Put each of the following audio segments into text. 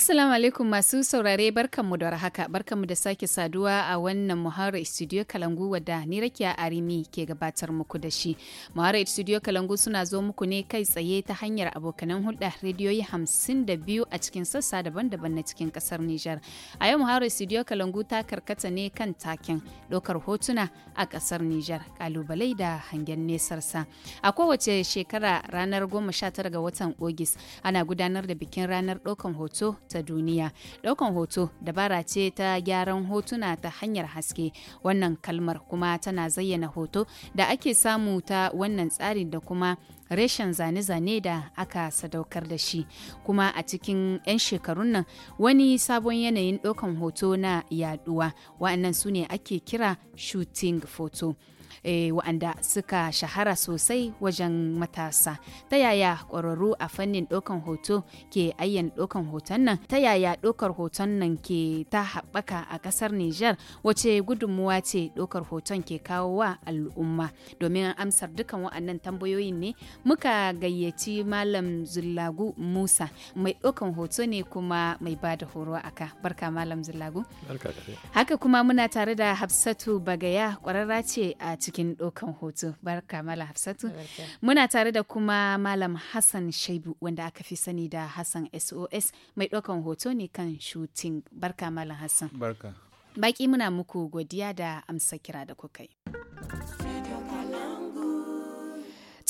Assalamu alaikum masu saurare barkanmu da haka barkanmu da sake saduwa a wannan Muhara Studio Kalangu wadda ni Rakiya Arimi ke gabatar muku da shi. Muhara Studio Kalangu suna zo muku ne kai tsaye ta hanyar abokanan hulɗa rediyoyi hamsin da biyu a cikin sassa daban-daban na cikin ƙasar Nijar. A yau Muhara Studio Kalangu ta karkata ne kan taken ɗaukar hotuna a ƙasar Nijar ƙalubalai da hangen nesarsa. A kowace shekara ranar goma sha tara ga watan Ogis ana gudanar da bikin ranar ɗaukan hoto ta duniya daukan hoto dabara ce ta gyaran hotuna ta hanyar haske wannan kalmar kuma tana zayyana hoto da ake samu ta wannan tsarin da kuma reshen zane-zane da aka sadaukar da shi kuma a cikin 'yan shekarun nan wani sabon yanayin daukan hoto na yaduwa wa'annan su ne ake kira shooting photo Eh, wa'anda suka shahara sosai wajen matasa ta yaya ƙwararru a fannin ɗaukan hoto ke ayyan ɗaukan hoton nan ta yaya ɗaukar hoton nan ke ta haɓaka a ƙasar Nijar wace gudunmuwa ce ɗaukar hoton ke kawo wa al'umma domin amsar dukan wa'annan tambayoyin ne muka gayyaci malam zullagu musa mai ɗaukan hoto ne kuma mai ba da horo aka barka malam zullagu haka kuma muna tare da hafsatu bagaya ƙwararra ce a cikin cikin ɗaukan hoto barka malam hafsatu muna tare da kuma malam hassan shaibu wanda aka fi sani da hassan sos mai ɗaukan hoto ne kan shooting barka malam hassan baki muna muku godiya da amsa kira da kuka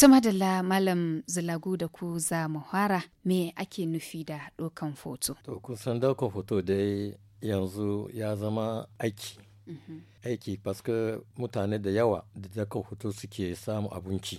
Tuma da Malam Zulagu da ku za muhara me ake nufi da ɗaukan foto? To, kusan ɗaukan foto dai yanzu ya zama aiki. aiki paske mutane da yawa da daukan hoto suke samu abinci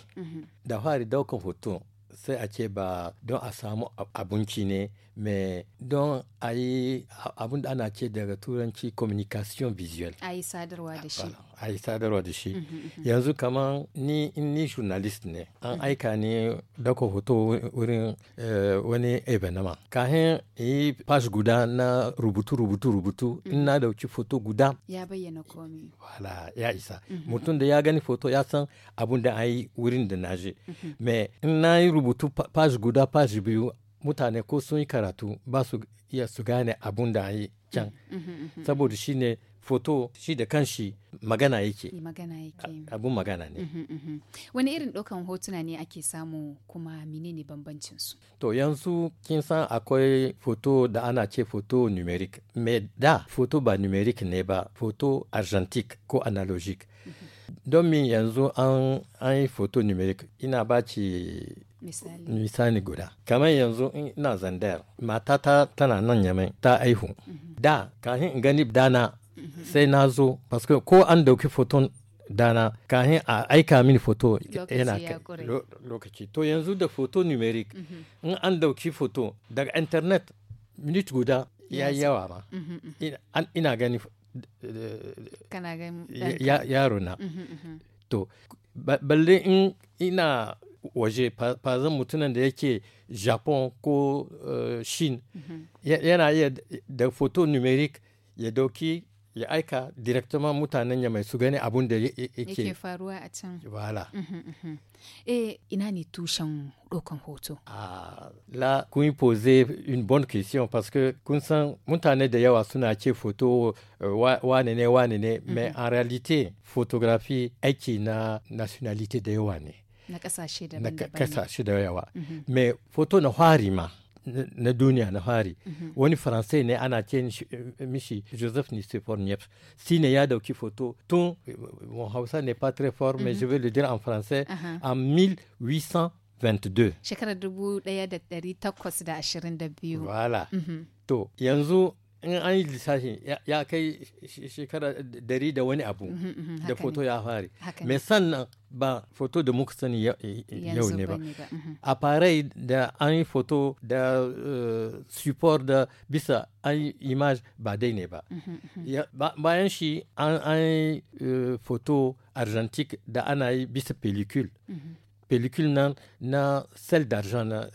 da fari daukan hoto sai a ce ba don a samu abinci ne mai don a yi abin da ana ce daga turanci communication visual a yi sadarwa da shi a yi sadarwa da shi uhm, uhm, uhm. yanzu kamar ni in ni journalist ne an aika ni dako hoto wurin eh, wani ebenama kahin yi page guda na rubutu rubutu rubutu in na dauki foto guda ya bayyana komi wala ya isa mutum da ya gani foto ya san abun da a yi wurin da na je me in na yi rubutu page guda page biyu mutane ko sun yi karatu ba su iya su gane abun da an yi can saboda shine ne foto shi da kanshi magana yake abun magana ne wani irin ɗaukan hotuna ne ake samu kuma menene bambancin su to yanzu kin san akwai foto da ana ce foto numeric me da foto ba numeric ne ba foto argentic ko analogic don min yanzu an yi foto numeric ina ba ci misali guda kamar yanzu ina zandar matata tana nan yamai ta aihu da kafin in gani dana Mhm. sai na zo paske ko an dauki foton dana kahin a aika mini foto yana lokaci to yanzu da foto numeric mhm. in an dauki foto daga internet minit guda ya yawa ma mhm, ina gani yaro na to balle in ina waje fazan mutunan da yake japan ko shin eh, yana iya da foto numeric ya dauki ya aika direktoma mutanen ya mai su gani abun da yake faruwa a can wala mhm, mhm, mhm. e eh, ina ne tushen dokan hoto ah la kun yi pose une bonne question parce que kun san mutane da yawa suna ce photo eh, wane ne wane ne mais en réalité photographie aiki na nationalité da yawa ne na kasashe da yawa mais photo na hwari ma na duniya na fari mhm. wani faransai ne ana ce mishi joseph nistefor niepce shi ne ya dauki foto tun mon hausa ne pas très fort mais mhm. je vais le dire en français en 1822 shekarar 1822 voilà mhm. to yanzu in an yi lissafi ya kai shekara dari da wani abu da foto ya fari mai sannan ba foto da muka sani yau ne ba a farai da an yi foto da uh, support da bisa an yi image ba dai ne ba bayan shi an yi uh, foto argentique da ana yi bisa pellicule pellicule nan na sel d'argent na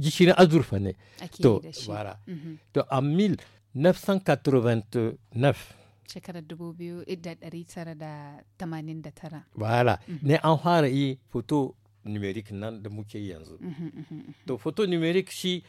gishirin azurfa ne to bara to a mil 989 shekarar 1989 wala mhm. ne an fara yi foto numeric nan da muke yanzu mhm, mhm, to foto numeric shi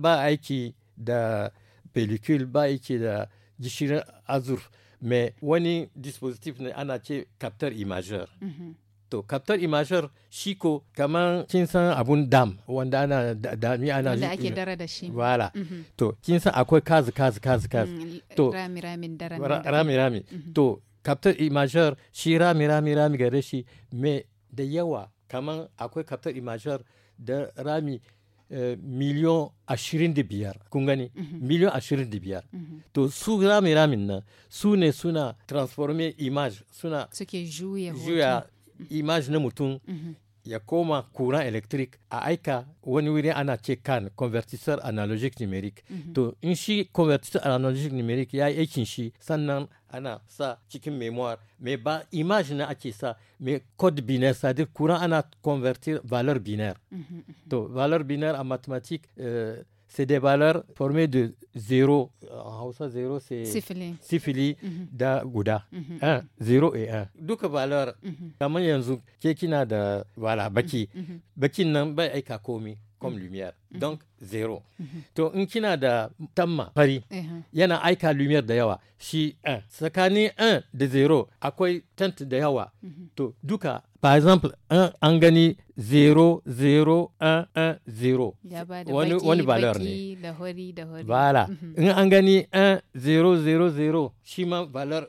ba aiki da pellicule ba aiki da gishirin azur mai wani dispositif ne ana ce captar imageur mm -hmm. To, Captain Imashar shi ko kamar kin san abun dam wanda ana dami ana Wanda ake dara da shi. Wala. Mhm. To, kin san akwai kazi kazi kazi kazi. Mm, to, rami rami dara. Rami rami. Mhm. To, Captain Imashar shi rami rami rami gare shi me da yawa kamar akwai Captain Imashar da rami eh, miliyon ashirin da biyar kun gani mhm. milyon ashirin da biyar to su rami ramin nan su ne suna transforme image suna suke juya Mm-hmm. image na mm-hmm. il ya koma courant electric a aika wani wuri ana ce kan convertisseur analogique numérique. mm -hmm. to in shi convertisseur analogique numérique. ya yi aikin shi sannan ana sa mémoire. mémoire mais ba imagine na ake sa mais code binaire c'est-à-dire courant ana convertir valeur binaire mm valeur binaire en mathématique euh, c'est des valeurs formées de zéro. Hausa zéro, c'est sifili, sifili mhm. da guda. Donc, -hmm. un, zéro et un. donc valeur, mhm. qui ke de voilà, baki. Mhm comme mm. lumière. Mm-hmm. Donc, zéro. Mm-hmm. To, in kina da eh, hein. yana aika lumière da yawa shi 1. Tsakanin 1 0 akwai tent da yawa. Mm-hmm. To, duka, par exemple, 1 0, 0, 1, 1, 0. valeur Voilà. In angani 1, 0, 0, 0, shi ma valeur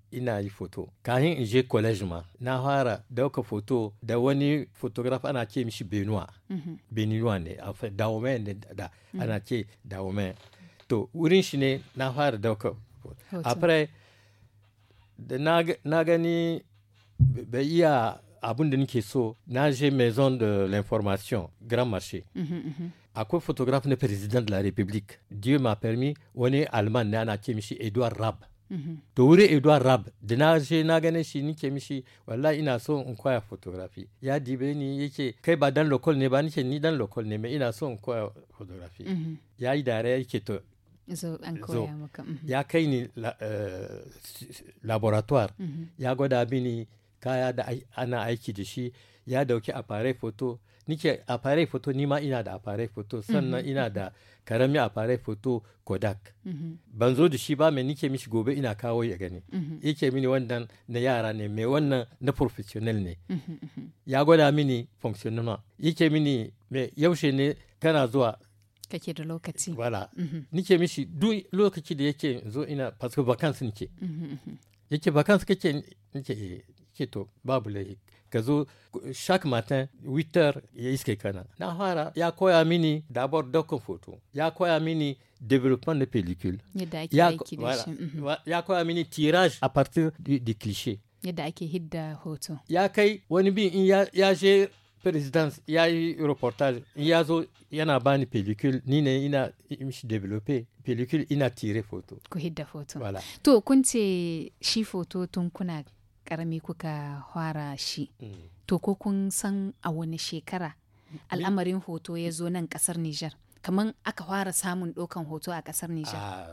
ina yi foto in je college ma na fara dauka foto da wani photographer ana ce mishi benua mhm. benua ne da mhm. ana to wurin shi ne na fara après da na gani bai iya abin da nake so na maison de l'information grand marché quoi mhm, photographe le président de la république dieu m'a permis wani est ne ana edouard rab Mm-hmm. to wuri edward rab da na she na ganin shi nike mishi wallahi ina so in koya photography ya dibe ni yake kai ba dan local ne ba nike ni dan local ne mai ina so in koya photography mm-hmm. ya yi dare yake to zo an koya maka mm-hmm. ya kai ni eh, laboratoire ya gwada mini kaya da ana aiki da shi ya dauki appareil photo nike photo, foto nima ina da appareil foto mhm. sannan ina da karami appareil foto kodak mhm. ban zo da shi ba mai nike mishi gobe ina kawo ya gani mhm. yake mini wannan na yara ne mai wannan na professional ne ya gwada mini functional yake mini mai yaushe ne kana zuwa kake da lokaci wala nike mishi duk lokaci da yake zo ina fasko vacancy nike yake vacancy kake nike eh, ke to babu laifi kazo chaque matin 8 heures ya iske kana na ya koya mini d'abord daukan photo ya koya mini développement de pellicule ya, voilà, ya koya mini tirage à partir du cliché yadda ake hidda hoto ya kai wani bin in ya je presidence ya yi reportage in ya zo yana bani pellicule ni ne ina mishi développer pellicule ina tire photo ku hidda photos. voilà. to kun ce shi photo tun kuna karami kuka fara shi mm. to ko kun san a wani shekara al'amarin hoto ya zo nan kasar Nijar kamar aka fara samun ɗaukan hoto a kasar Nijar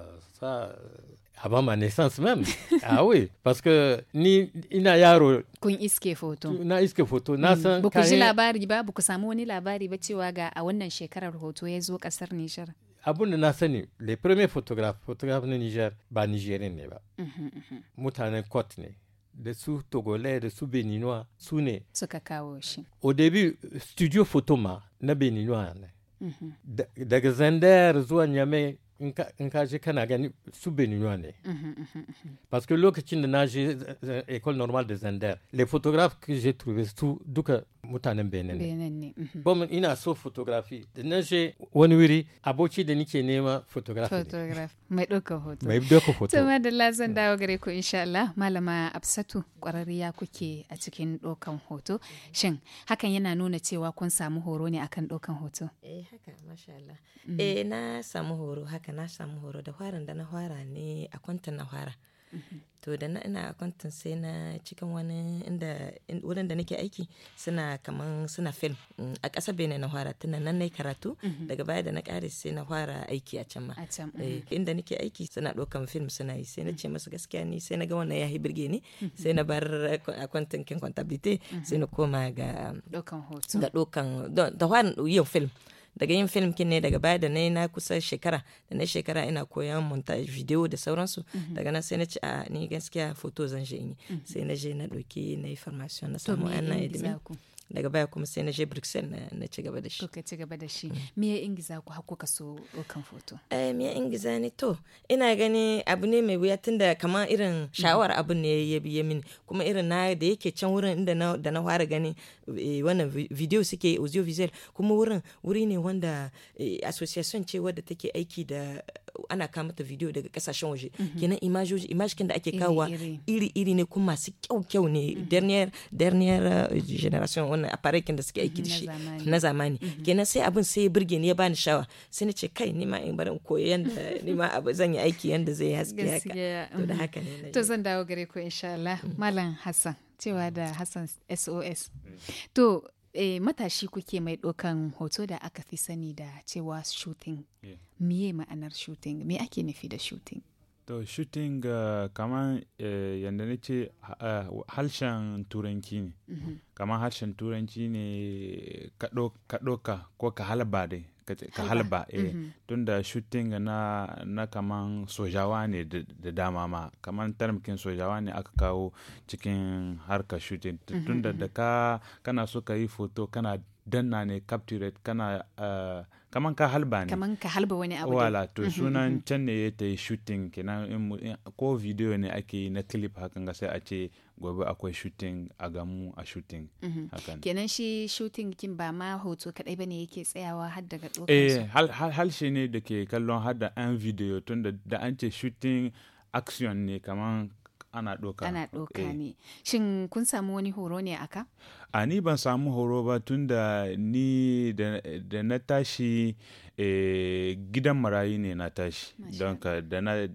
a ma naissance même. ah oui, parce que ni ina yaro. Kun iske foto. Na iske foto. Na mm. san mm. kayan... ji labari ba, buku samu wani labari ba cewa ga a wannan shekarar hoto ya zo kasar Nijar. Abun da na sani, le premier photographe, photographe na Niger ba Nigerian ne ba. Mhm, mhm. Mutanen Cote ne. da su togolais da su beninois su ne suka kawo shi odebi studio photo ma na beninois ne mhm. daga zandar zuwa nyame in ka je kana gani su benuwa ne parce que lokacin da na je eh, école normale de zander les photographes que j'ai trouvé su duka mutanen benin ne bom ina so photography da na je wani wuri aboci da nike nema photographe mai ɗauka hoto mai ɗauka hoto to madalla zan dawo gare ku insha Allah malama Absatu kwarariya kuke a cikin ɗaukan hoto shin hakan yana nuna cewa kun samu horo ne akan ɗaukan hoto eh haka masha Allah mm. eh na samu horo haka haka na samu horo da farin da na fara ne a kwantan na fara to da na ina a kwantan sai na cikin wani inda wurin da nake aiki suna kaman suna film a ƙasa bene na fara tunan nan nai karatu daga baya da na ƙare sai na fara aiki a can ma eh, mhm. inda nake aiki suna ɗaukan film suna yi sai na ce mhm. masu gaskiya ni sai na ga wannan yahi birge ni mhm. sai na bar a kwantan kin contabilité sai na koma ga ɗaukan hoto ga ɗaukan da farin yin film daga yin film kin ne daga baya da na na kusa shekara da na shekara ina koyan montage video da sauransu mhm. daga nan sai na ci a ni gaskiya foto zan je in yi mhm. sai na je na doki na yi formation na samu ana ilimin daga baya kuma sai na je bruxelles na ci gaba da shi kuka ci gaba da shi me ya ingiza ku hako ka so kan foto eh me ya ingiza ni to ina gani abu ne mai wuya tunda kamar irin shawar abu ne ya biye mini kuma irin na da yake can wurin inda na da na fara gani eh, wannan video suke audiovisual kuma wurin wuri ne wanda eh, association ce wadda take aiki da ana kawo mata video daga kasashen waje mhm. kenan imajoji imajikin da ake kawo iri-iri ne kuma masu kyau-kyau ne dernier mhm. dernier euh, generation wannan aparekin da suke aiki dashi mhm, na zamani kenan sai abin sai ya burge ni ya bani shawa sai na ce kai ni ma in bari koyi yanda ni ma abu zan yi aiki yanda zai haske haka to da haka ne to zan dawo gare ku insha Allah mm. malam Hassan cewa da mm. Hassan SOS mm. to eh, matashi kuke mai ɗaukan hoto da aka fi sani da cewa shooting yeah. miye ma'anar shooting me ake nufi da shooting To shooting uh, kamar uh, eh, yadda na ce eh, harshen turanci ne, mm harshen turanci ne ka ɗauka ko ka halba dai, ka halba eh mm -hmm. tun da shooting na, na kaman sojawa ne da dama ma kaman tarmikin sojawa ne aka kawo cikin harka shooting mm-hmm, tun mm-hmm. da ka kana so ka yi foto kana danna ne capture kana uh, kaman ka halba ne kaman ka halba wani abu wala to mhm, sunan mhm. can ne ta yi shooting kenan ko video ne ake yi na clip hakan ga sai a ce gobe akwai shooting a gamu a shooting mhm. hakan kenan shi shooting kin ba ma hoto kadai bane yake tsayawa har daga tsokar eh shi ne da ke kallon har da an video tunda da an ce shooting action ne kaman ana doka ana doka eh. ne shin kun samu wani horo ne aka a ni ban samu horo ba tun da ni da na tashi eh, gidan marayu ne na tashi don ka da na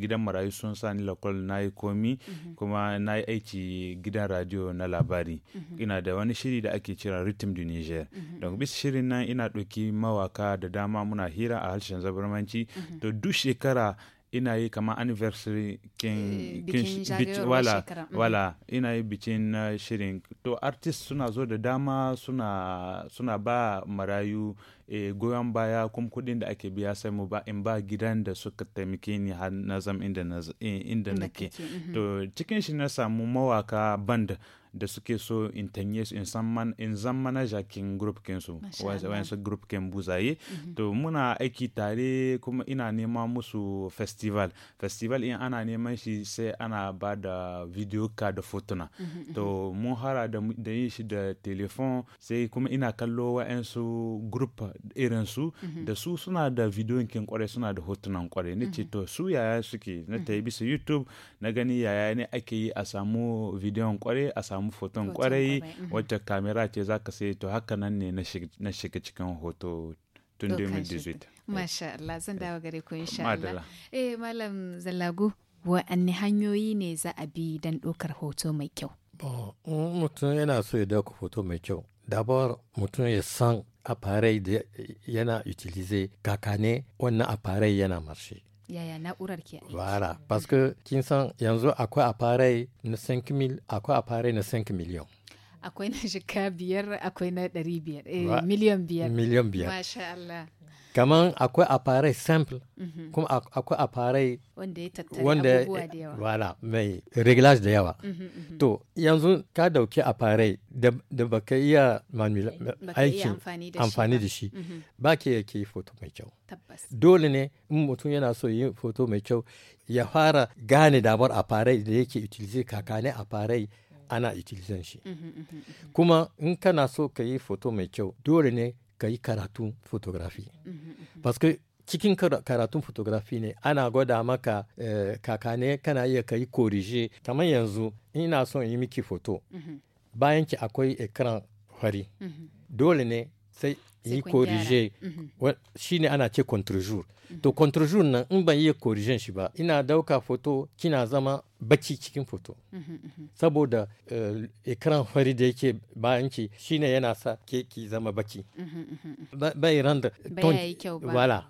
gidan marayu sun sa ni lakol na yi komi mhm. kuma na yi aiki gidan radio na labari mhm. ina da wani shiri da ake cira rhythm du niger mm -hmm. don bis shirin nan ina doki mawaka da dama muna hira a harshen zabarmanci mhm. to duk shekara ina yi kama anniversary kin eh, wala mm. wala ina yi bikin uh, shirin to artist suna zo da dama suna suna ba marayu e, goyon baya kuma kudin da ake biya sai mu ba in ba gidan da suka taimake ni har na zam eh, inda nake mhm. to cikin shi na samu mawaka band da suke so in tanye su in zan manaja kin group kinsu wayansu group kin buzaye mm-hmm. to muna aiki tare kuma ina nema musu festival festival in ana neman shi sai ana ba da video ka da fotuna mm-hmm, mm-hmm. to mun hara da yin shi da telefon sai kuma ina kallo wayansu group irinsu da su suna da video kin kwarai suna da hotunan kwarai ni ce to su yaya suke na ta bisa youtube na gani yaya ne ake yi a samu video kwarai a samu samu foton kwarai mhm. wacce kamera ce za ka sai to haka nan ne na shiga cikin hoto tun 2018 masha Allah zan dawo gare ku insha Allah eh malam zallagu wa'anne hanyoyi ne za a bi don ɗaukar hoto mai kyau mutum yana so ya dauka hoto mai kyau dabar mutum ya san aparai da yana utilize kakane wannan aparai yana marshe yaya na'urar ke aiki wara paske kin san yanzu akwai afarai na 5 mil akwai afarai na 5 miliyan akwai na shika biyar akwai na ɗari biyar eh, miliyan biyar miliyan biyar masha Allah kamar akwai appareil simple mhm. kuma akwai appareil wanda ya wala abubuwa da yawa mai -hmm, da yawa mhm, mhm. to yanzu ka dauki appareil da baka iya aikin amfani da shi ba ke yake foto mai kyau dole ne in mutum yana so yin foto mai kyau ya fara gane dabar afarai da yake utilize kakane afarai ana utilizan shi kuma in kana so ka yi foto mai kyau dole ne ka yi karatun photography mm-hmm, mm-hmm. parce que cikin karatun photography ne ana gwada maka eh, kakane kana iya ka yi korije kamar yanzu ina son yi miki foto mm-hmm. bayan ki akwai ekran fari dole ne sai yi corrige mhm. shine ana ce contre-jour mhm. to contre-jour nan in ban yi korijen shi ba ina dauka foto kina zama bacci cikin foto mhm, saboda eh, ekran fari da yake bayan ki shine yana sa ke ki zama bacci bai randa wala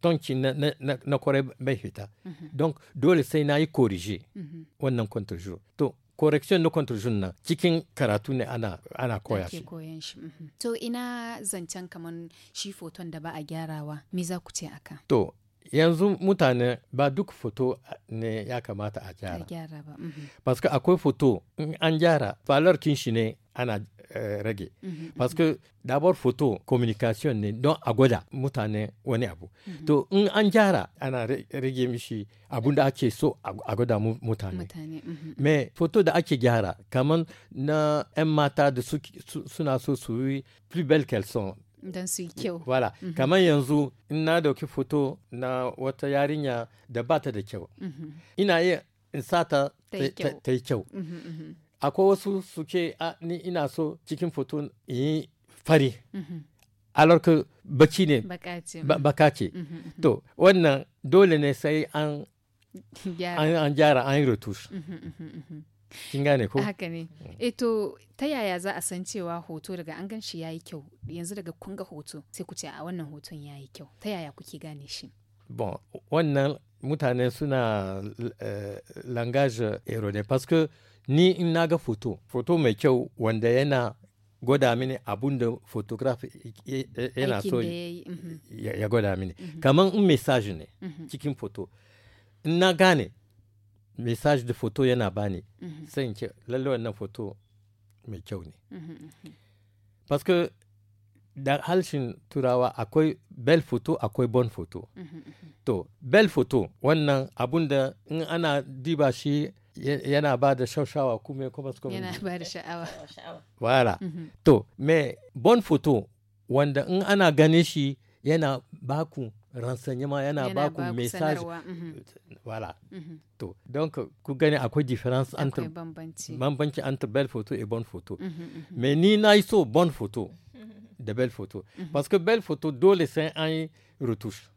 tonki na kore bai fita donc dole sai na yi corrige wannan contre-jour to correction na contribution na cikin karatu ne ana ana koya shi mhm. to ina zancen kaman shi foton da ba a gyarawa me za ku ce aka to yanzu mutane ba duk foto ah, ne ya kamata a gyara ba su mhm. akwai foto in an gyara valar shi ne ana eh, rage ba mhm, su mhm. parce foto communication ne don a gwada mutane wani abu to in an gyara ana rage mishi abun da ake so a gwada mutane me foto da ake gyara kamar na 'yan mata da suna so su yi plus belle don su yi kyau wala mhm. kamar yanzu in na dauki foto na wata yarinya da ba ta da kyau mhm. ina iya in sa ta ta yi kyau mhm, akwai wasu suke ni ina so cikin foto in yi fari alors que baki ne baka ce to wannan dole ne sai an gyara an yi retouche kin gane ko haka ne mm. eh to ta yaya za a san cewa hoto daga an gan yayi kyau yanzu daga kun ga hoto sai ku ce a wannan hoton yayi kyau ta yaya kuke gane shi bon wannan mutane suna eh, langage erone parce que ni in naga foto foto mai kyau wanda yana gwada mini abun da photograph yana so mhm. ya gwada mini mhm. kamar un message ne mhm. cikin foto in na gane message da foto yana bani mhm. sai in ce lallai wannan foto mai kyau ne mhm, mhm, parce que da halshin turawa akwai bel photo akwai bon photo. to bel photo wannan abun da in ana diba shi yana ba da shawshawa kuma kuma su yana ba da sha'awa wara to me bon photo wanda in ana ganin shi yana baku renseignement yana ba ku message mhm. voilà mhm. to donc ku gane akwai difference entre différence entre belle photo et bonne photo mhm, mais ni na pas bonne photo de belle photo parce que belle photo dole sai an Il retouche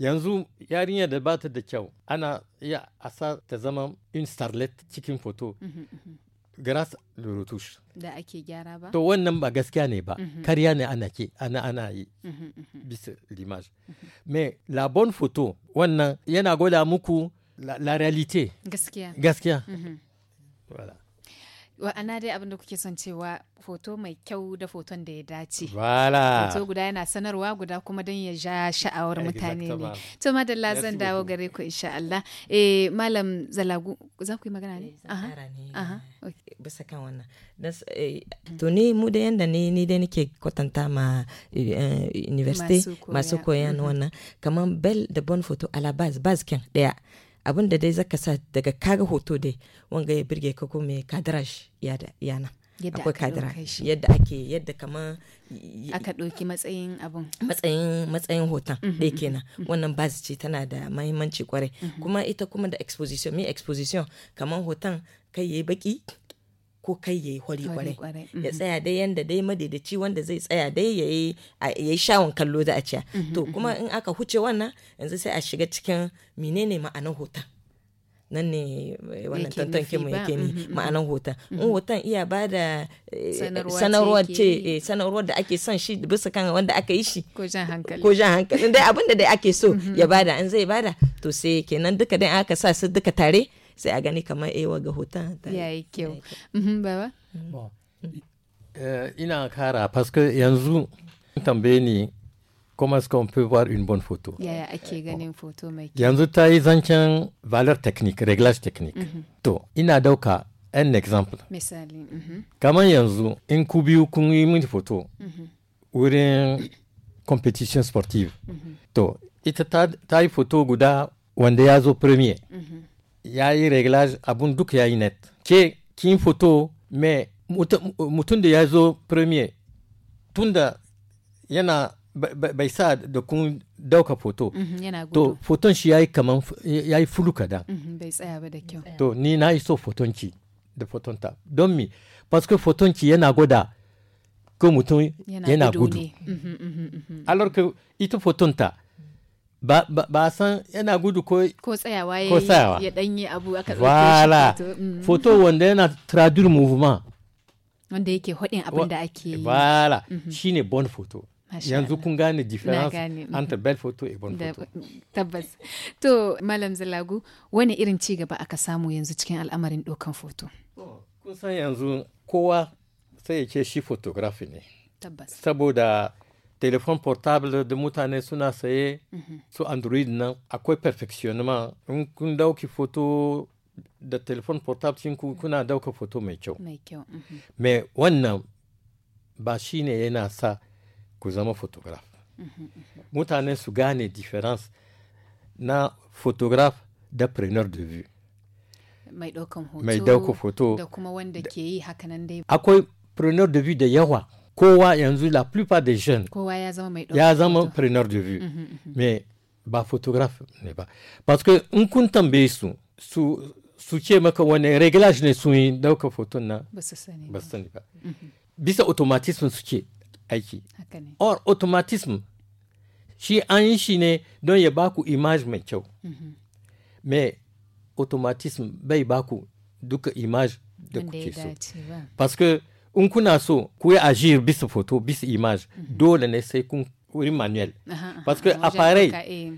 yanzu yarinya da bata da kyau ana y a sa ta zama une starlette photo gras lurutush da ake gyara ba to wannan ba gaskiya ne ba mhm. karya ne ana ke ana ana yi mhm, mhm. bisa limaj me la bonne photo wannan yana gwada muku la, realite gaskiya gaskiya Wala. wa'ana dai abin da kuke son cewa hoto mai kyau da foton da ya dace Wala! hoto guda yana sanarwa guda kuma don ya ja sha'awar mutane ne to madalla zan dawo gare ku insha Allah eh malam zalagu za ku yi magana ne eh, aha Aha. Eh, bisa kan wannan eh, to ni mu da yanda ne ni dai nake kwatanta ma university masu koyan mhm. wannan kamar bel da bon photo a baz base ken daya abin da dai zaka sa daga kaga hoto dai wanga ya birge ka ko mai kadrash yana akwai kadira yadda ake yadda kamar aka ɗauki matsayin abun matsayin matsayin hoton mhm, ɗaya mhm, kenan mhm, wannan basi ce tana da mahimmanci kwarai kuma ita kuma da exposition mai exposition kamar hoton kai yayi baki ko kai yayi hori kwarai ya mm-hmm. tsaya dai yanda dai madaidaci wanda zai tsaya dai yayi yi shawon kallo za a ciya mm-hmm, to mm-hmm. kuma in aka huce wannan yanzu sai a shiga cikin menene ma'anar hoton nan ne eh, wannan tantanke mu yake ni ma'anar hoton in hoton iya ba da eh, sanarwar ce eh, sanarwar da ake son shi bisa kan wanda aka yi shi ko jan hankali ko jan hankali dai abinda dai ake so ya bada in zai bada to sai kenan duka dai aka sa su duka tare sai a gani kamar ewa eh, ga hoton ya yi kyau mhm, baba mm. eh, ina kara paske yanzu tambaye ni kuma est-ce qu'on peut bon une yaya ake ganin okay, mai kyau yanzu ta yi zancen valeur technique réglage technique mhm. to ina dauka un example misali mhm. kamar yanzu in ku biyu kun yi mini photo wurin competition sportive to ita ta, yi photo guda wanda ya zo premier ya yi reglage abun duk ya yi net ke kin foto mai mutum da ya zo premier da yana bai sa da kun dauka foto mhm, to foton shi ya yi kaman ya yi fulu kadan mhm, bai tsaya ba da kyau to ni na yi so foton ki da foton ta don mi parce que foton ki yana gwada ko mutum yana gudu mhm, alors que ita foton ta ba, ba, ba san yana gudu ko ko tsayawa ko tsayawa ya danye abu aka wala mm. foto wanda yana tradur movement wanda yake hudin abin da ake yi wala mhm. shine bon photo yanzu kun gane difference mhm. entre belle photo et bonne photo tabbas to malam zalagu wani irin ci gaba aka samu yanzu cikin al'amarin dokan foto kun san yanzu kowa sai ya ce shi photography ne tabbas saboda telefon portable da mutane suna saye mhm. su android nan akwai perfectionnement in kun dauki foto da telefon portable cin kuna dauka foto mai kyau mai mhm. wannan ba shi ne yana sa ku zama photograph mhm, mutane su gane difference na photograph da preneur de vue mai daukan hoto mai daukan da kuma wanda ke yi hakanan dai akwai preneur de vue da yawa kowa yanzu la plupart des jeunes ya zama mai preneur de vue mhm, mhm, mhm. mais ba photographe ne ba parce que in kun tambaye su su ce maka wani réglage ne sun yi dauka foton na ba su sani ba bisa automatism suke aiki or automatisme shi an yi shi ne don ya baku image mai kyau mais automatisme bai baku duka image da kuke so parce que in kuna so ku yi agir bisa foto bisa image dole ne sai kun wurin manuel parce que appareil eh.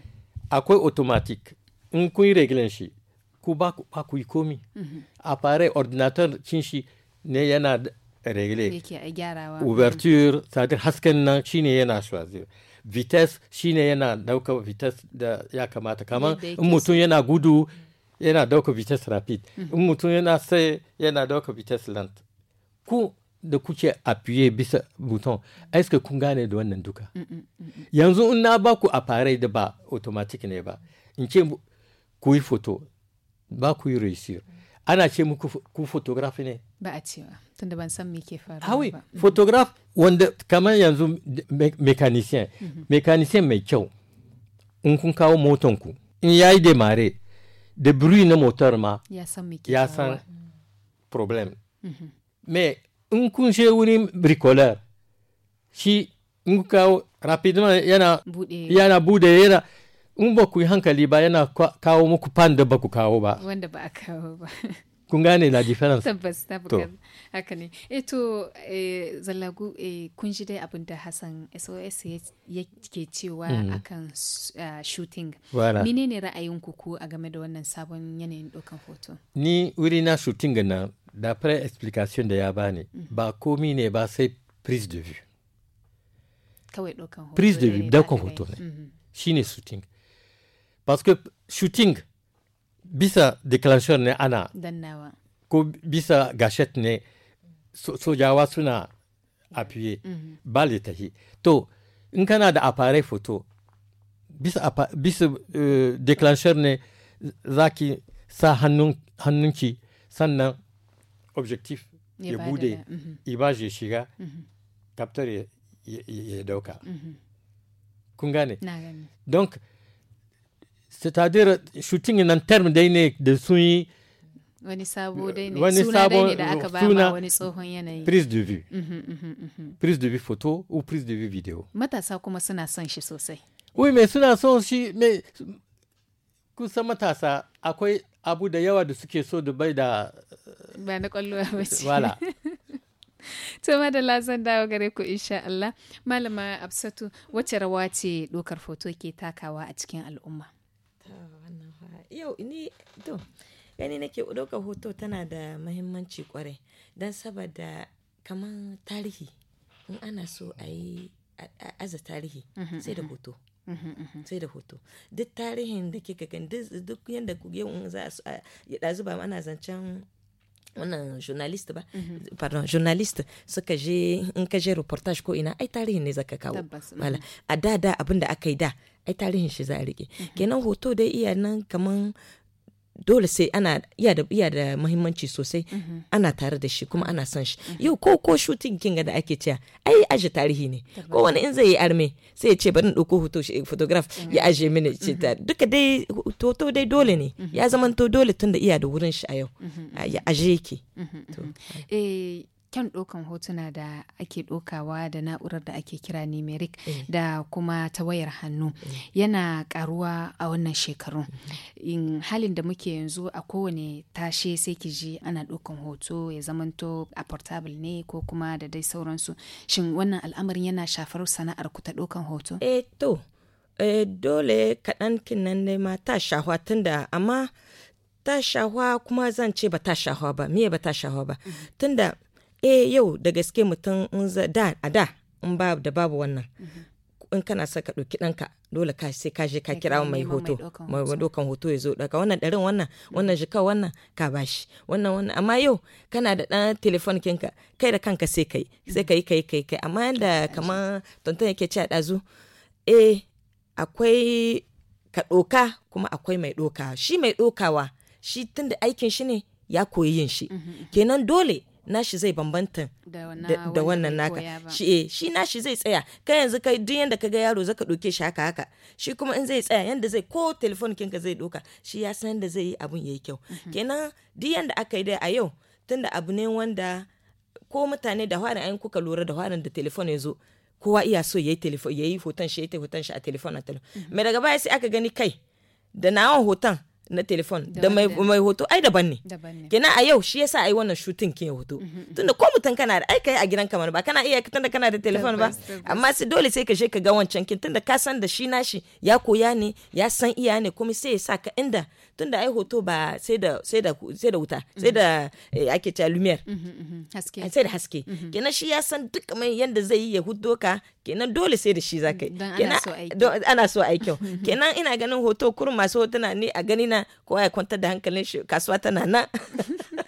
akwai automatic in kun yi reglin shi ku ba ku yi komi mhm. appareil ordinateur cin shi ne yana regle ouverture c'est-à-dire hasken nan ne yana choisir vitesse ne yana dauka vitesse da ya kamata kamar in mutum yana gudu yana dauka vitesse rapide mhm. in mutum yana sai yana dauka vitesse lent ku da kuke fiye bisa buton aiska kun gane da wannan duka mm, mm, mm, yanzu in na baku a farai da ba automatic ne ba in ce ku yi foto ba ku yi reisir ana ce muku ku photograph ne ba a cewa tunda ban san me ke faruwa ba hawi photograph wanda kamar yanzu mechanician mechanician mm-hmm. mai kyau in kun kawo moton ku in yayi demare da buri na motar ma ya san problem mm-hmm. me in kun she wurin bricoleur shi in rapidement yana yana bude yana in ba ku hankali ba yana kawo muku fan da ba ku kawo ba wanda ba a kawo ba kun gane la difference tabbas na haka ne eh to eh, zallagu eh, kun ji dai abin da Hassan SOS yake cewa mm. akan ah, shooting menene ra'ayinku ku a game da wannan sabon yanayin ɗaukan hoto ni wuri na shooting na da pre explication da ya bani mm-hmm. ba komi ne ba sai prise de vue kawai ɗaukan hoto prise de vue ɗaukan hoto ne mm-hmm. shine shooting parce que shooting bisa declaration ne ana dannawa ko bisa gashet ne sojawa suna afiye mhm. ba tahi to in kana da aparai foto bisa, bisa eh, declaration ne zaki ki sa hannunki sannan objectif ya bude image mhm. ya shiga mhm. captor ya dauka kun gane donc c'est-à-dire shooting en term dai de da wani sabo dai ne prise de vue mm -hmm, prise de vue photo ou prise de vue vidéo matasa kuma suna son shi sosai oui mais suna son shi mais kusan matasa akwai abu da yawa da suke so da bai da ba na kwallo ba ce to madalla zan dawo gare ku insha Allah malama Absatu wacce rawa ce dokar foto ke takawa a cikin al'umma yau ni to gani nake ɗaukar hoto tana da mahimmanci kwarai don saboda kamar tarihi in ana so a yi aza tarihi uhm, uhm, sai da uhm. hoto sai da hoto duk tarihin da kika gani duk yadda yau za a ya zuba ana zancen wannan journalist ba pardon journalist suka je in ka je reportage ko ina ai tarihin ne zaka kawo wala a da da abin da aka yi da ai tarihin shi za a rike mhm. kenan hoto dai iya nan kaman dole sai ana iya da iya da muhimmanci sosai mhm. ana tare da shi kuma ana son shi mhm. yau ko ko shooting kinga da ake cewa ai aje tarihi ne ko wani in zai yi arme sai ya ce bari in dauko hoto shi photograph ya aje mini ce ta duka dai hoto dai dole ne ya zamanto dole tunda iya da wurin shi a yau ya aje yake eh kyan ɗaukan hotuna da ake ɗaukawa da na'urar da ake kira numeric eh. da kuma ta wayar hannu eh. yana karuwa a wannan shekaru mhm. in halin da muke yanzu a kowane tashe sai ki ji ana ɗaukan hoto ya zamanto a portable ne ko kuma da dai sauransu shin wannan al'amarin yana shafar sana'ar ku ta ɗaukan hoto eh to eh, dole kaɗan kinnan ne ma ta shahwa tunda amma ta shahwa kuma zan ce ba ta shahwa ba miye ba ta shahwa ba mhm. tunda E yau da gaske mutum in da a da in ba da babu wannan mm-hmm. in kana sa ka ɗauki ɗanka dole ka sai ka je ka kira mai hoto mai dokan hoto ya zo daga wannan ɗarin wannan mm-hmm. wannan jika wannan ka bashi wannan wannan amma yau kana da ɗan telefon kinka kai da kanka sai kai sai mm-hmm. kai kai kai kai amma yanda kamar tonton yake ci a ɗazu e akwai ka ɗoka kuma akwai mai ɗoka shi mai ɗokawa shi tunda aikin shi ne ya koyi yin shi kenan dole nashi zai bambanta da wannan naka shi eh, shi nashi zai tsaya kai yanzu kai duk yanda ga yaro zaka doke shi haka haka shi kuma in zai tsaya yanda zai ko telefon kinka zai doka shi ya san yanda zai yi abun yayi kyau mhm. kenan duk yanda aka yi dai a yau tunda abu ne wanda ko mutane da hwarin an kuka lura da hwarin da telefon ya zo kowa iya so yayi telefon yayi hoton shi yayi hoton shi a telefon a telefon mai mhm. daga baya sai aka gani kai da nawan hoton na telefon da mai, hoto ai daban ne kenan a yau shi yasa ai wannan shooting kin hoto mm-hmm, mm-hmm. tunda ko mutum kana da ai kai a gidan kamar ba kana iya tunda kana da telefon ba amma sai dole sai ka je ka ga wancan kin tunda ka san da shi nashi ya koya ne ya san iya ne kuma sai ya saka ka inda tunda ai hoto ba sai da sai da wuta sai da eh, ake cewa lumiere mm-hmm, mm-hmm. haske sai da haske mm-hmm. kenan shi ya san duk mai yanda zai yi ya huddo ka kenan dole sai da shi za ka yi ana so ai kenan ina ganin hoto kurun masu hotuna ne a gani na kowa ya kwantar da hankalin kasuwa tana na.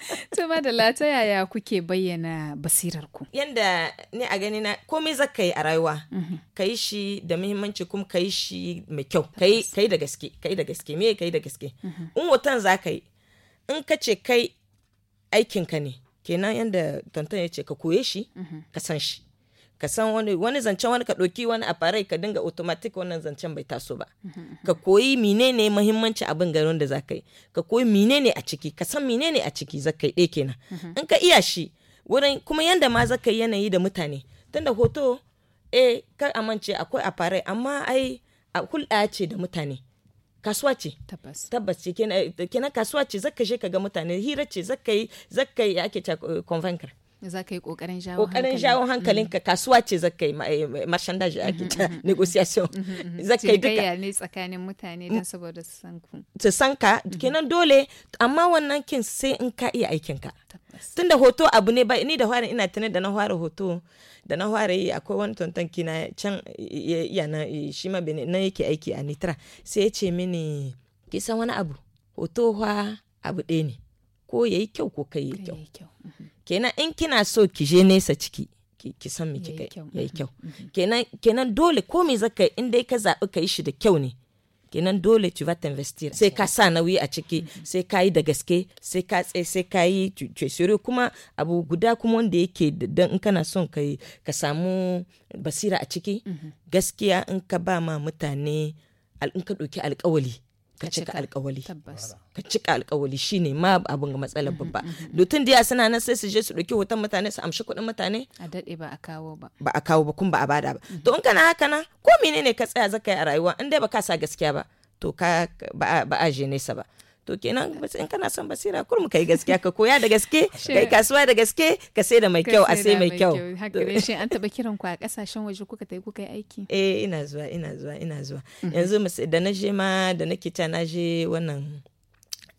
to madalla ta yaya kuke bayyana basirar ku yanda ni a gani na komai za ka yi a rayuwa mhm. ka yi shi da muhimmanci kuma ka yi shi mai kyau ka yi da gaske ka yi da gaske me ka yi da gaske mhm. in hoton za ka yi in ka ce kai aikinka ne kenan yanda tonton ya ce ka koye shi mhm. ka san shi ka san wani wani zancen wani ka ɗauki wani farai ka dinga automatic wannan zancen bai taso ba mm-hmm. ka koyi menene muhimmanci abin garin da zaka yi ka koyi menene a ciki ka san menene a ciki zaka yi ɗaya kenan mm-hmm. in ka iya shi wurin kuma yanda ma zaka yi yanayi da mutane tunda hoto eh kar amince akwai a farai amma ai a hulɗa ce da mutane kasuwa ce tabbas ce eh, kenan kasuwa ce zaka je ka ga mutane hira ce zaka yi zaka yi ake ta za ka yi kokarin jawo kokarin jawo ka mm. kasuwa ce za ka yi marchandage ake ta negotiation mm-hmm, mm-hmm. za ka yi duka ne tsakanin mutane don mm. saboda su san ku su san ka mm-hmm. kenan dole amma wannan kin sai in ka iya aikin ka tunda hoto abu ne ba ni da fara ina tana da na fara hoto da na fara yi akwai wani tonton kina can na eh, shi ma na yake aiki a nitra sai ya ce mini san wani abu hoto fa abu ɗaya ne ko yayi kyau ko kai kyau kenan in kina so ki je nesa ciki ki san me kika yayi kyau mm-hmm. Mm-hmm. kenan kenan dole ko me zaka in dai ka zabi ka yi shi da kyau ne kenan dole tu va t'investir sai ka sa nauyi a ciki mm-hmm. sai ka yi da gaske sai ka tsaye sai ka yi cesure kuma abu guda kuma wanda yake dan in kana son ka ka samu basira a ciki gaskiya in ka ba ma mutane in ka ɗauki alkawali ka cika alkawali ka cika alkawali shine ma abin ga matsalar mhm, babba dutun mhm. diya suna nan sai su je su dauki hoton mutane su amshi kuɗin mutane a daɗe ba a kawo ba ba a kawo ba kun ba a bada ba mhm. to in kana haka nan ko menene ka tsaya zaka yi a rayuwa in dai ba ka sa gaskiya ba to ka ba a je nesa ba to kenan in kana son basira kurmu kai gaskiya ka koya da gaske kai kasuwa da gaske ka sai da mai kyau a sai mai kyau shi an taba kiran ku a kasashen waje kuka tai kuka aiki eh ina zuwa ina zuwa ina zuwa yanzu da na je ma da nake ta na je wannan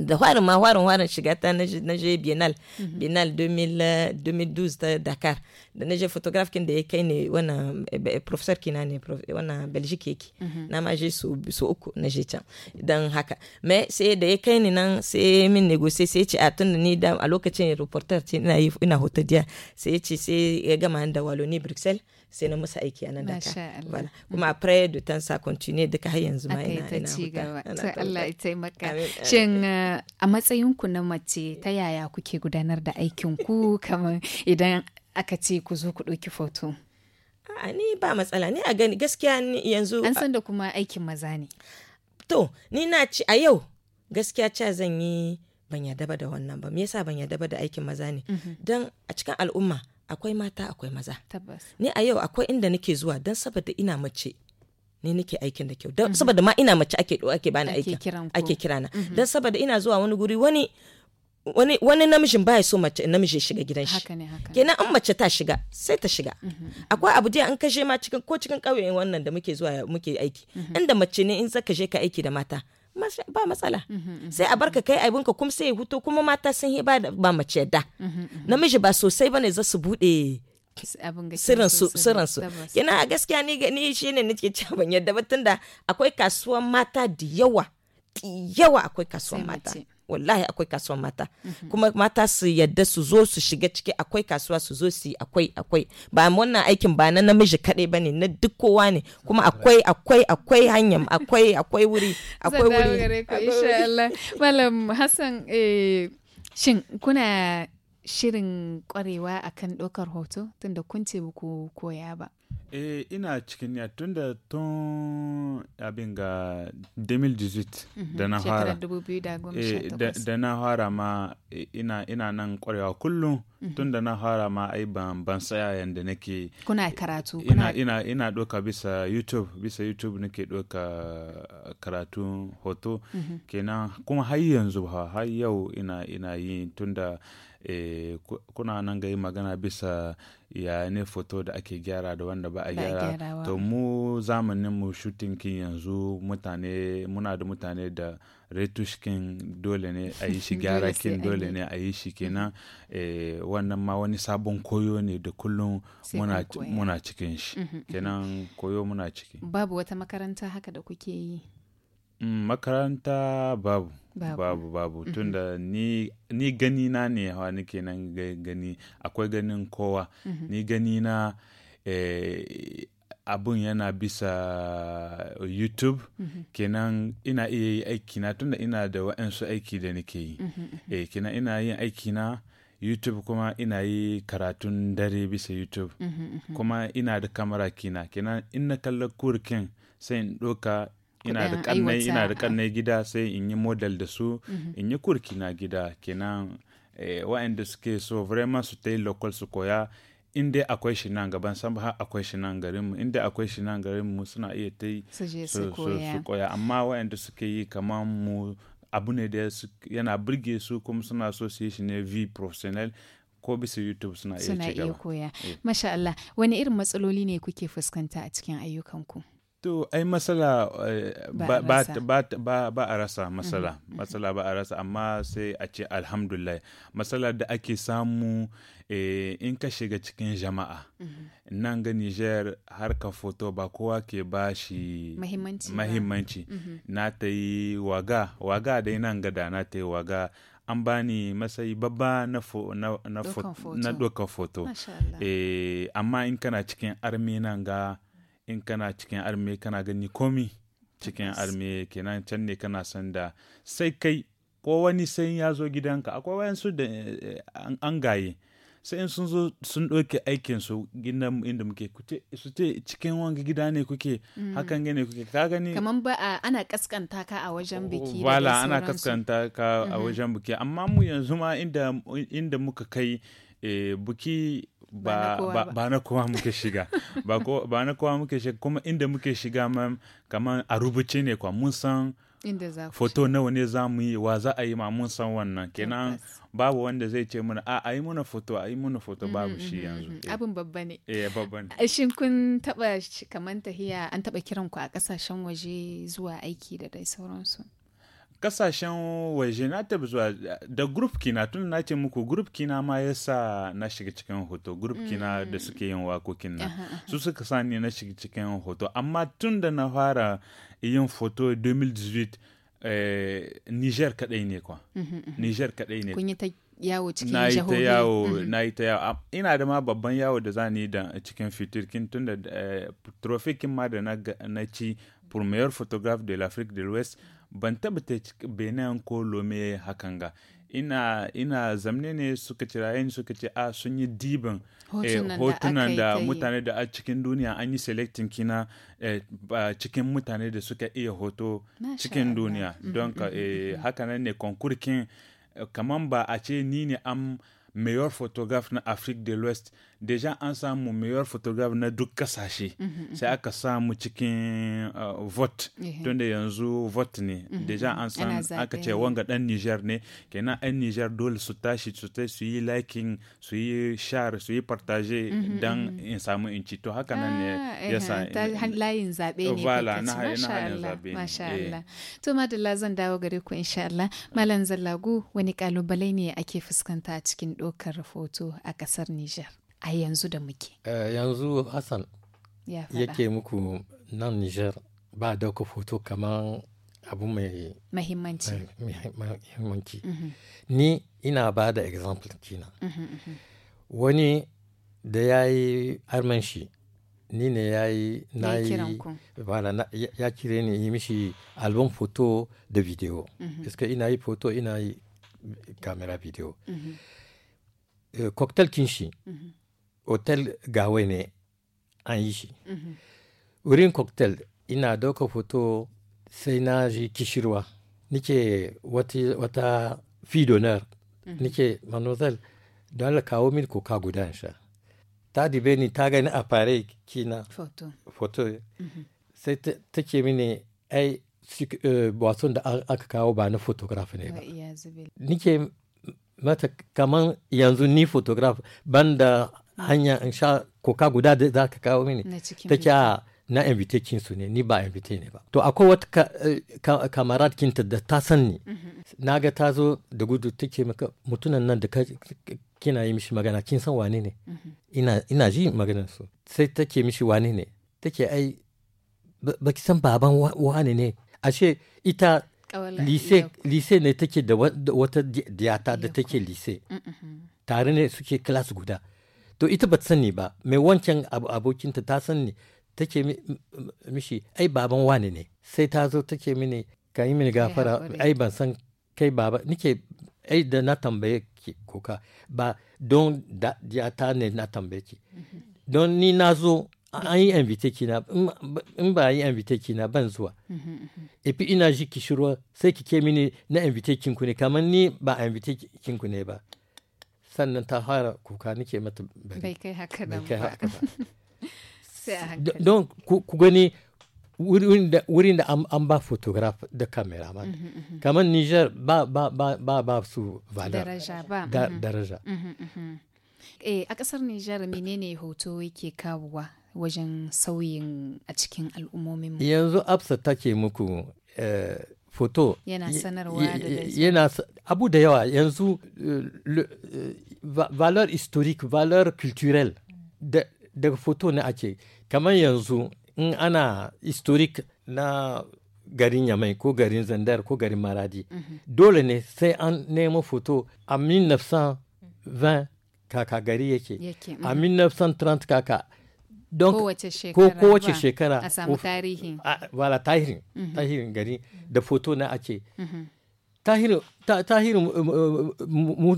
da hwarin ma hwarin hwarin shiga ta na je bienal bienal 2012 ta dakar da na je photographic da ya kai ne wana eh, professor kina ne wana belgique yake mhm. na ma je so uku na je can don haka me sai da ya kai ni nan sai min negosi sai ce a tun da ni a lokacin reporter ce ina ina hotodiya sai ce sai ya gama da waloni bruxelles sai na musa aiki a da ka kuma a prayer da tansa continue duka har yanzu ma ina ina huta Allah ya taimaka shin a matsayinku na mace ta yaya kuke gudanar da aikinku kamar idan aka ce ku zo ku ɗauki foto? A ni ba matsala ni a gani gaskiya yanzu. An san da kuma aikin maza ne. To ni na ci a yau gaskiya ca zan yi ban yarda ba da wannan ba me yasa ban yarda ba da aikin maza ne mhm. don a cikin al'umma akwai mata akwai maza tabbas ni a yau akwai inda nake zuwa don saboda ina mace ni nake aikin da kyau mhm. saboda ma ina mace ake ake bani aiki ake kirana mhm. dan saboda ina zuwa wani guri wani wani wani namijin baya so mace namiji shiga gidan shi kenan an mace ta shiga sai ta shiga mhm, akwai abu dai an kashe ma cikin ko cikin kauyen wannan da muke zuwa muke aiki inda mace ne in zaka je ka aiki da mata ba matsala sai a barka kai ka kuma sai ya huto kuma mata sun ba mace yadda namiji ba sosai bane za su bude sirin su yana su gaskiya ni ni ne nake cewa ban yadda ba tunda akwai kasuwan mata da yawa yawa akwai kasuwan mata wallahi akwai kasuwan mata mhm. kuma mata su yadda su zo su shiga ciki akwai kasuwa su zo su yi akwai akwai ba wannan aikin ba na namiji kadai ba ne na duk kowa ne kuma akwai akwai akwai hanyar akwai akwai wuri akwai wuri malam hassan eh, shin kuna shirin kwarewa akan ɗaukar hoto tunda kun ce ku koya ba E, ina cikin ya tun da tun abin ga 2018 mhm, da na fara eh, da na fara ma eh, ina ina nan kwarewa kullum mhm. tun da na fara ma ai ban ban tsaya yanda nake kuna karatu ina ina ina doka bisa youtube bisa youtube nake doka karatu hoto mhm. kenan kuma har yanzu ha har yau ina ina yi tun da e, kuna nan ga magana bisa ya ne foto da ake gyara da wanda ba a gyara to mu zamanin mu shooting kin yanzu mutane muna da mutane da retushkin dole ne a yi shi gyara kin dole ne a yi shi kenan mm-hmm. e, eh, wannan ma wani sabon koyo ne da kullum muna, muna cikin shi mm-hmm, kenan mm-hmm. koyo muna ciki babu wata makaranta haka da kuke yi Mm, makaranta babu babu babu, babu. Mm tunda ni, ni gani na ne hawa nake nan gani akwai ganin kowa mm ni gani na eh, abun yana bisa youtube mm kenan ina iya yi aiki na tunda ina da wa'ansu aiki da nake yi mm-hmm, eh, kenan ina yin aiki na youtube kuma ina yi karatun dare bisa youtube mm kuma ina da kamara kina kenan ina kallon kurkin sai in ɗoka ina da kannai ina da kannai gida sai in yi model da su mhm. in yi kurki na gida kenan eh, waɗanda suke so vraiment su ta yi local su koya in dai akwai shi nan gaban san ba akwai shi nan garin mu in dai akwai shi nan garin mu suna iya ta su koya amma waɗanda suke yi kamar mu abu ne da yana birge su kuma suna so su yi shi ne v professional ko bisa youtube suna iya koya eh. masha Allah wani irin matsaloli ne kuke fuskanta a cikin ayyukanku To, ai matsala eh, ba a rasa mhm. matsala, mhm. matsala ba a rasa amma sai a ce alhamdulillah matsala da ake samu eh, in ka shiga cikin jama'a. Mhm. Nan ga Nijar ka foto ba kowa ke ba shi mahimmanci. Na ta yi waga, waga dai nan gada na ta yi waga an bani matsayi babba na ɗaukan foto. Eh, amma in kana cikin armi nan ga. in kana cikin arme kana gani komi cikin arme kenan can ne kana san da sai kai ko wani sai ya zo gidanka akwai wayansu da eh, an gaye sai in sun zo sun ɗauke aikinsu gidan inda muke su ce cikin wanga gida ne kuke mm. hakan gane kuke ka gani kamar ba ana kaskanta ka a wajen biki wala ana kaskanta ka a mm-hmm. wajen biki amma mu yanzu ma inda muka kai eh, buki ba na kowa muke shiga ba na kowa muke shiga kuma inda muke shiga ma kamar a rubuce ne kwa mun san foto nawa ne za mu yi wa za a yi ma mun san wannan kenan babu wanda zai ce mana a a yi mana foto a yi mana foto mm-hmm, babu shi mm-hmm, yanzu mm-hmm. eh. abin babba ne eh babba ne eh, shin kun taba kamar tahiya an taba kiran ku a kasashen waje zuwa aiki da dai sauransu kasashen waje na taɓa zuwa da group kina tun na ce muku group kina ma ya sa na shiga cikin hoto group kina da mm. suke yin wakokin nan su suka sa ni na shiga cikin hoto amma tun da na fara yin foto 2018 eh, niger kadai ne kwa mhm, mhm. niger kadai ne kun yi ta yawo cikin na yi ta yawo mhm. na yi ta yawo ina da ma babban yawo da za ni da cikin fitirkin tun da eh, trofikin ma da na ci premier photograph de l'Afrique de l'Ouest ban taba ta benin ko lome hakan ga ina ina zamne ne suka ci ni suka ce a ah, sun yi diban eh, hotunan da mutane da a cikin duniya an yi selectin kina eh, cikin mutane da suka iya hoto cikin duniya mm, mm, don ka mm, eh, hakanan ne konkurkin kamar ba a ce ni ne am mayor photograph na afrique de l'ouest deja an samu meilleur photographe na duk kasashe mhm, mhm, mhm. sai aka samu cikin uh, vote tun da yanzu vote ne deja an san aka ce wanga dan niger ne kenan yan niger dole su tashi su tai su yi liking su yi share su yi partage dan in samu in ci to haka nan ne ah, yasa layin zabe ne wala na hayin zabe masha eh. Allah to madalla zan dawo gare ku insha Allah malan zallagu wani kalubale ne ake fuskanta cikin dokar foto a kasar niger a yanzu da muke eh, yanzu hassan yake muku nan niger ba da ku hoto kamar abu mai mahimmanci mhm. ni ina ba da example kina mhm, mhm. wani da ya yi armanshi ni ne ya yi na yi ya kire ni yi mishi album foto da video iska ina yi foto ina yi kamera video eh, cocktail kinshi otel gawe ne an yi shi mhm. wurin cocktail ina doka hoto sai na ji kishirwa nike wata fidonar mhm. nike manozal don kawo min coca guda sha ta dibe ni ta gani a fare kina foto mhm. sai ke mini ai eh, wasan da aka kawo ba na photograph ne ba nike mata kaman yanzu ni photograph banda Mm. hanya in sha koka guda da za ka kawo mini ta ce ah, na invitation su ne ni ba invite ne ba to akwai wata ka, eh, kamarad kinta da ta san ni mm-hmm. na ga ta zo da gudu take maka mutunan nan da ka kina yi mishi magana kin san wane ne mm-hmm. ina, ina ji maganar su sai take mishi wane ne take ai ba ki san baban wane ne ashe ita lise, lise ne take da wata diyata da take lise mm-hmm. tare ne suke kilas guda to ita ba sani ba mai wancan abokinta ta sani ce mishi ai baban wani ne sai ta zo take mini ka yi mini gafara ai ban san kai baba nike ai da na tambaye ki kuka ba don da ya ta ne na tambaye ki mhm. don ni na zo an yi invite kina in ba yi invite kina ban zuwa ifi mhm, mhm, ina ji kishirwa sai ki ke mini na invite kinku ne kamar ni ba invite kinku ne ba sannan ta fara kuka nike mata bai kai haka da ba don ku gani wurin da an ba photograph da ba mhm, mhm. kamar niger ba ba ba ba su daraja ba mhm. daraja eh, a kasar niger menene hoto yake kawowa wajen sauyin a cikin al'ummomin yanzu absa take muku eh, foto yana sanarwa da abu da yawa yanzu uh, uh, valor historique valor culturelle daga foto ne ake kamar yanzu in ana historique na garin yamai ko garin zandar ko garin maradi mhm. dole ne sai an nemo foto a 1920 kaka gari yake a 1930 mhm. kaka don ko kowace shekara a samu tarihin wala tahirin mhm. tahirin gari mhm. da foto na ake mhm. tahirin uh,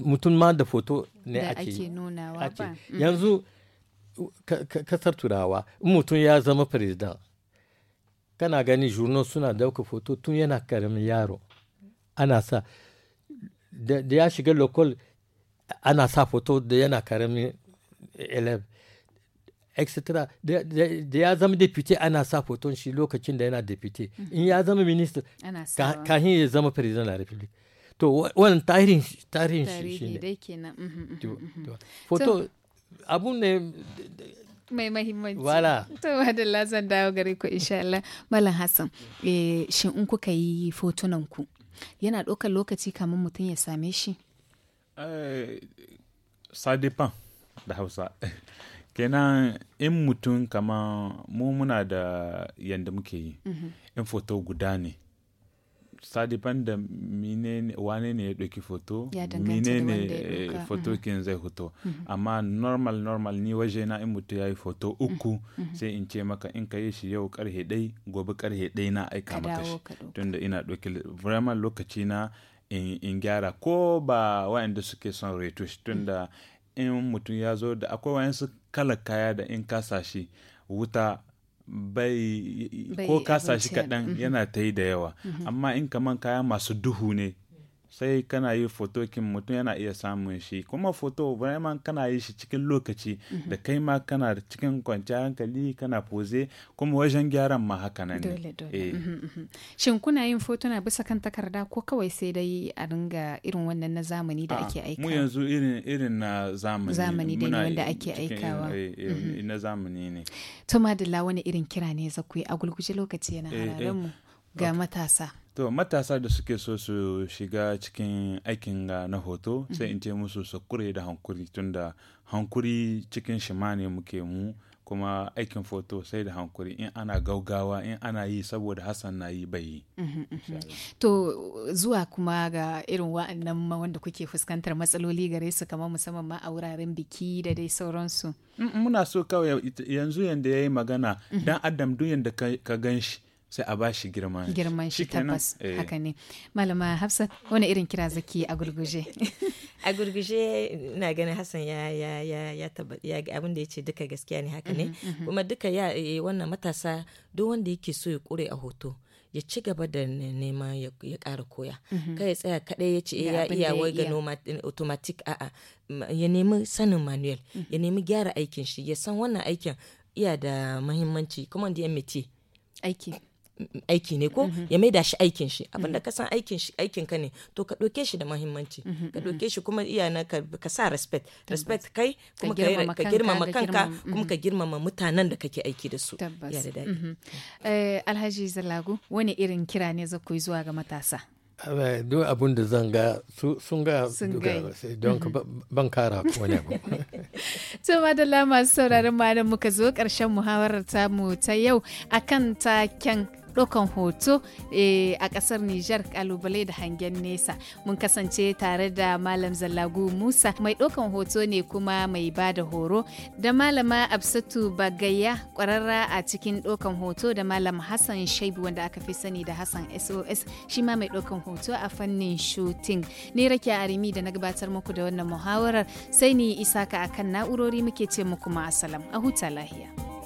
mutum ma da foto ne ake nunawa ba yanzu kasar turawa in mutum ya zama president kana gani journal suna dauka foto tun yana karamin yaro ana sa da ya shiga lokal ana sa foto da yana karamin etc da ya zama deputy ana sa foton shi lokacin da yana deputy mhm. in ya zama minister kahin ya zama president na republic to wannan tarihin tarihin shi ne mhm, mhm, foto abun ne mai mahimmanci wala to madalla zan dawo gare ku insha Allah malam Hassan eh, shin in kuka yi fotunan ku yana ɗaukar lokaci kamar mutum ya same shi sa eh, da Hausa kenan in mutum kama mu muna da yadda muke yi mhm. in foto guda ne sadifan da wane ne ya ɗauki foto mine ne eh, foto mhm. kin zai hoto mhm. amma normal normal ni waje na in mutu ya yi foto uku sai in ce maka in ka yi shi yau karhe ɗai gobe karhe ɗai na aika maka shi tunda ina ɗauki vraiment lokaci na in gyara ko ba waɗanda suke son retush tunda in mutum ya zo da akwai wayansu kalar kaya da in kasa shi wuta bai ko kasa shi kaɗan yana mhm. ta yi da yawa mhm. amma in kaman kaya masu duhu ne sai kana yi foto kin mutum yana iya samun shi kuma foto vraiment kana yi shi cikin lokaci mhm. da kai ma kana cikin kwanciyar hankali kana pose kuma wajen gyaran ma haka nan dole dole eh. mhm, mhm. shin kuna yin na bisa kan takarda ko kawai sai dai a ringa irin wannan na zamani da ake aika mu yanzu irin irin na zamani zamani da wanda ake aikawa eh, eh, na zamani ne to madalla wani irin kira ne za ku yi a gulguje lokaci yana hararen mu ga matasa to matasa da suke so su shiga cikin aikin na hoto sai in mhm. ce musu su kure da hankuri tunda hankuri cikin shima ne muke mu kuma aikin foto sai da hankuri in ana gaugawa in ana yi saboda hassan na yi bai yi mhm, mhm. to zuwa kuma ga irin wa'annan wanda kuke fuskantar matsaloli gare su kamar musamman ma a wuraren biki da dai sauransu mm, mm, muna so kawai yanzu yanda ya yi magana dan adam duk yanda ka ganshi. sai a bashi girman shi girman shi tabbas eh. haka ne malama hafsa wani irin kira zaki a gurguje a gurguje na ganin hassan ya ya ya ya ya abin da yace duka gaskiya ne haka ne mm-hmm, mm-hmm. kuma duka ya eh, wannan matasa duk wanda yake so ya kure a hoto ya ci gaba da nema ya ƙara koya mm-hmm. kai ya tsaya kaɗai ya ce eh, ya iya wai ga automatic a'a ya nemi sanin manuel ya nemi gyara aikin shi ya san wannan aikin iya da mahimmanci kuma da ya aiki aiki ne ko mhm. ya maida shi aikin shi abinda mhm. ka san aikin shi aikin ka ne to ka doke shi da mahimmanci mhm, ka doke shi kuma iyana ka sa respect respect kai kuma ka girmama kanka kuma ka girmama mutanen da kake aiki da su ya da daɗi mm. eh, alhaji zalagu wani irin kira ne za ku yi zuwa ga matasa duk abin da zan ga sun ga don ban kara wani abu. to madalla masu sauraron malam muka zo ƙarshen muhawarar tamu ta yau akan taken ɗaukan hoto eh, a ƙasar Nijar kalubale da hangen nesa. Mun kasance tare da Malam Zallagu Musa mai ɗaukan hoto ne kuma mai ba da horo da Malama Absatu Bagaya ƙwararra a cikin ɗaukan hoto da Malam Hassan Shaibu wanda aka fi sani da Hassan SOS shi ma mai ɗaukan hoto a fannin shooting. Ni rake Arimi da na gabatar muku da wannan muhawarar sai ni isa ka akan na'urori muke ce muku ma a huta lahiya.